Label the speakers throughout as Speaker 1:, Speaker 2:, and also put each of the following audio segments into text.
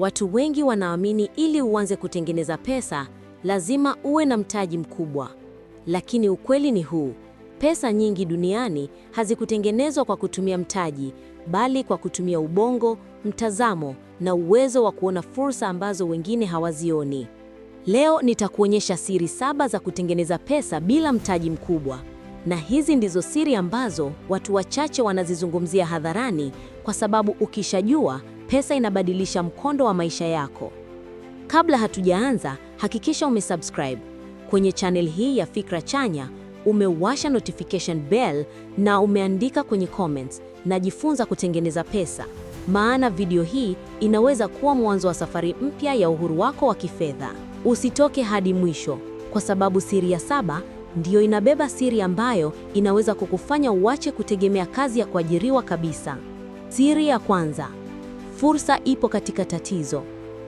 Speaker 1: Watu wengi wanaamini ili uanze kutengeneza pesa lazima uwe na mtaji mkubwa, lakini ukweli ni huu: pesa nyingi duniani hazikutengenezwa kwa kutumia mtaji, bali kwa kutumia ubongo, mtazamo na uwezo wa kuona fursa ambazo wengine hawazioni. Leo nitakuonyesha siri saba za kutengeneza pesa bila mtaji mkubwa, na hizi ndizo siri ambazo watu wachache wanazizungumzia hadharani, kwa sababu ukishajua pesa inabadilisha mkondo wa maisha yako. Kabla hatujaanza, hakikisha umesubscribe kwenye channel hii ya Fikra Chanya, umewasha notification bell na umeandika kwenye comments, najifunza kutengeneza pesa, maana video hii inaweza kuwa mwanzo wa safari mpya ya uhuru wako wa kifedha. Usitoke hadi mwisho, kwa sababu siri ya saba ndiyo inabeba siri ambayo inaweza kukufanya uache kutegemea kazi ya kuajiriwa kabisa. Siri ya kwanza: Fursa ipo katika tatizo.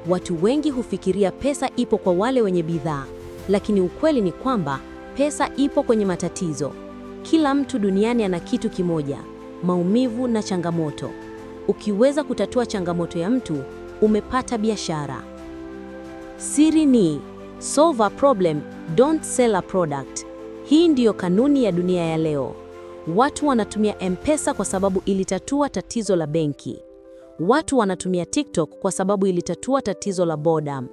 Speaker 1: Watu wengi hufikiria pesa ipo kwa wale wenye bidhaa, lakini ukweli ni kwamba pesa ipo kwenye matatizo. Kila mtu duniani ana kitu kimoja, maumivu na changamoto. Ukiweza kutatua changamoto ya mtu, umepata biashara. Siri ni solve a problem, don't sell a product. Hii ndiyo kanuni ya dunia ya leo. Watu wanatumia M-Pesa kwa sababu ilitatua tatizo la benki. Watu wanatumia TikTok kwa sababu ilitatua tatizo la boredom.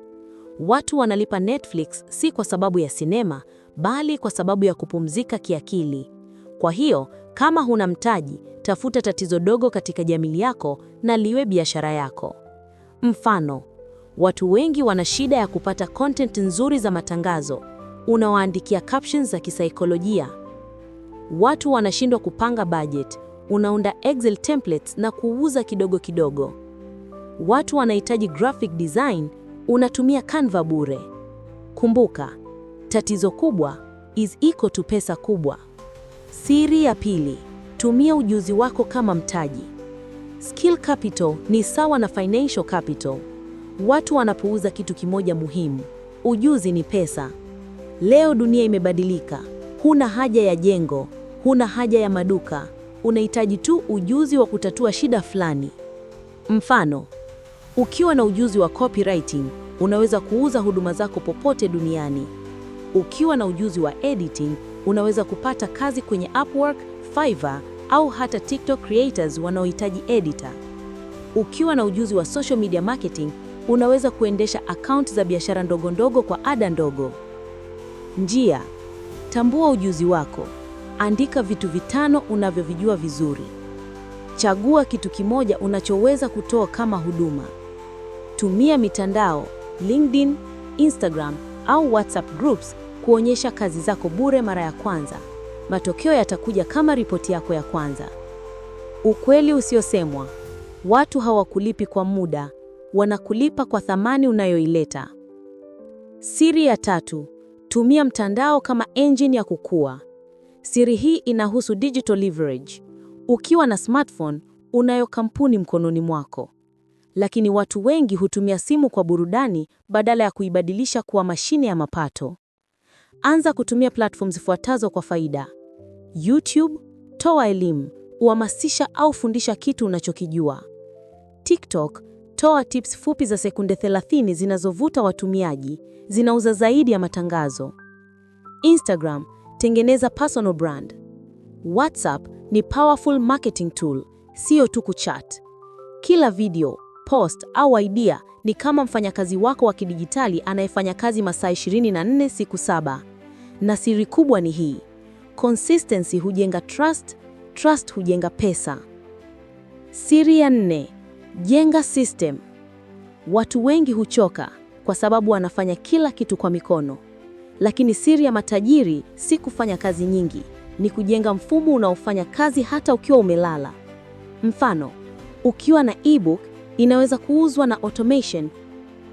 Speaker 1: Watu wanalipa Netflix si kwa sababu ya sinema, bali kwa sababu ya kupumzika kiakili. Kwa hiyo, kama huna mtaji, tafuta tatizo dogo katika jamii yako na liwe biashara yako. Mfano, watu wengi wana shida ya kupata content nzuri za matangazo. Unawaandikia captions za kisaikolojia. Watu wanashindwa kupanga budget unaunda Excel templates na kuuza kidogo kidogo. Watu wanahitaji graphic design, unatumia Canva bure. Kumbuka, tatizo kubwa is equal to pesa kubwa. Siri ya pili, tumia ujuzi wako kama mtaji. Skill capital ni sawa na financial capital. Watu wanapouza kitu kimoja muhimu, ujuzi ni pesa. Leo dunia imebadilika, huna haja ya jengo, huna haja ya maduka unahitaji tu ujuzi wa kutatua shida fulani. Mfano, ukiwa na ujuzi wa copywriting, unaweza kuuza huduma zako popote duniani. Ukiwa na ujuzi wa editing, unaweza kupata kazi kwenye Upwork, Fiverr au hata TikTok creators wanaohitaji editor. Ukiwa na ujuzi wa social media marketing, unaweza kuendesha akaunti za biashara ndogo ndogo kwa ada ndogo. Njia: tambua ujuzi wako. Andika vitu vitano unavyovijua vizuri. Chagua kitu kimoja unachoweza kutoa kama huduma. Tumia mitandao LinkedIn, Instagram au WhatsApp groups kuonyesha kazi zako bure mara ya kwanza. Matokeo yatakuja kama ripoti yako ya kwanza. Ukweli usiosemwa: watu hawakulipi kwa muda, wanakulipa kwa thamani unayoileta. Siri ya tatu: tumia mtandao kama engine ya kukua. Siri hii inahusu digital leverage. Ukiwa na smartphone, unayo kampuni mkononi mwako, lakini watu wengi hutumia simu kwa burudani badala ya kuibadilisha kuwa mashine ya mapato. Anza kutumia platforms zifuatazo kwa faida: YouTube, toa elimu, uhamasisha au fundisha kitu unachokijua. TikTok, toa tips fupi za sekunde 30 zinazovuta watumiaji, zinauza zaidi ya matangazo. Instagram, tengeneza personal brand. WhatsApp ni powerful marketing tool, sio tu kuchat. Kila video, post au idea ni kama mfanyakazi wako wa kidijitali anayefanya kazi masaa 24 siku saba. Na siri kubwa ni hii: consistency hujenga trust, trust hujenga pesa. Siri ya nne, jenga system. Watu wengi huchoka kwa sababu wanafanya kila kitu kwa mikono. Lakini siri ya matajiri si kufanya kazi nyingi, ni kujenga mfumo unaofanya kazi hata ukiwa umelala. Mfano, ukiwa na ebook inaweza kuuzwa na automation.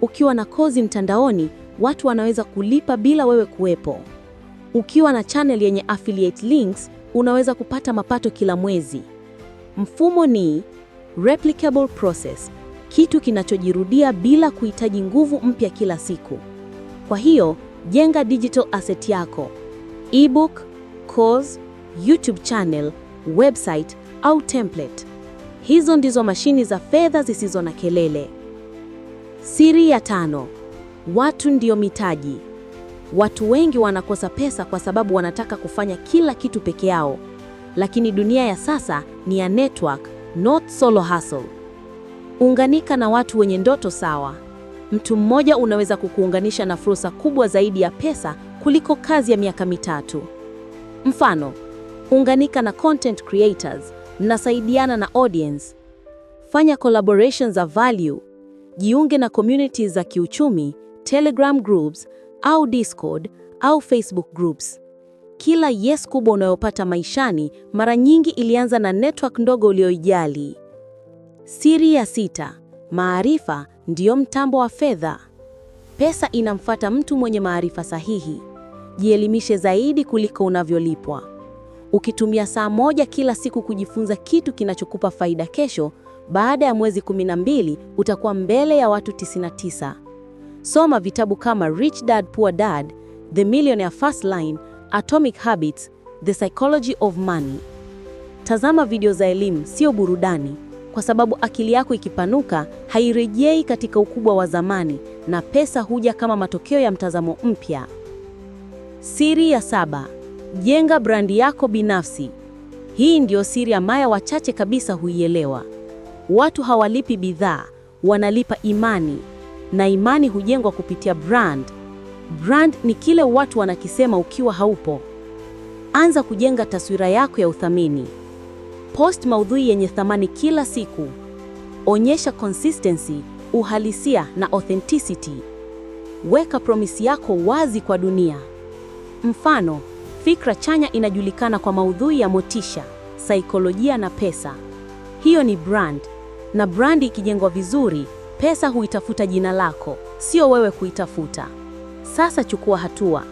Speaker 1: Ukiwa na kozi mtandaoni, watu wanaweza kulipa bila wewe kuwepo. Ukiwa na channel yenye affiliate links, unaweza kupata mapato kila mwezi. Mfumo ni replicable process, kitu kinachojirudia bila kuhitaji nguvu mpya kila siku. Kwa hiyo jenga digital asset yako: ebook, course, YouTube channel, website au template. Hizo ndizo mashini za fedha zisizo na kelele. Siri ya tano: watu ndio mitaji. Watu wengi wanakosa pesa kwa sababu wanataka kufanya kila kitu peke yao, lakini dunia ya sasa ni ya network, not solo hustle. Unganika na watu wenye ndoto sawa. Mtu mmoja unaweza kukuunganisha na fursa kubwa zaidi ya pesa kuliko kazi ya miaka mitatu. Mfano, unganika na content creators, mnasaidiana na audience, fanya collaborations za value, jiunge na communities za kiuchumi, Telegram groups au Discord au Facebook groups. Kila yes kubwa unayopata maishani mara nyingi ilianza na network ndogo uliyoijali. Siri ya sita: Maarifa ndiyo mtambo wa fedha. Pesa inamfuata mtu mwenye maarifa sahihi. Jielimishe zaidi kuliko unavyolipwa. Ukitumia saa moja kila siku kujifunza kitu kinachokupa faida kesho, baada ya mwezi 12 utakuwa mbele ya watu 99. Soma vitabu kama Rich Dad Poor Dad, The Millionaire Fast Lane, Atomic Habits, The Psychology of Money. Tazama video za elimu, sio burudani kwa sababu akili yako ikipanuka hairejei katika ukubwa wa zamani, na pesa huja kama matokeo ya mtazamo mpya. Siri ya saba: jenga brandi yako binafsi. Hii ndiyo siri ambayo wachache kabisa huielewa. Watu hawalipi bidhaa, wanalipa imani, na imani hujengwa kupitia brand. Brand ni kile watu wanakisema ukiwa haupo. Anza kujenga taswira yako ya uthamini. Post maudhui yenye thamani kila siku. Onyesha consistency, uhalisia na authenticity. Weka promisi yako wazi kwa dunia. Mfano, Fikra Chanya inajulikana kwa maudhui ya motisha, saikolojia na pesa. Hiyo ni brand, na brand ikijengwa vizuri, pesa huitafuta jina lako, sio wewe kuitafuta. Sasa chukua hatua.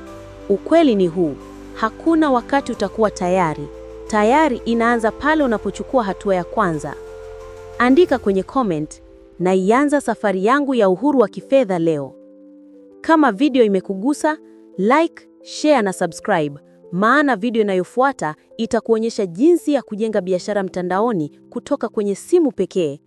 Speaker 1: Ukweli ni huu, hakuna wakati utakuwa tayari tayari inaanza pale unapochukua hatua ya kwanza. Andika kwenye comment, naianza safari yangu ya uhuru wa kifedha leo. Kama video imekugusa, like, share na subscribe, maana video inayofuata itakuonyesha jinsi ya kujenga biashara mtandaoni kutoka kwenye simu pekee.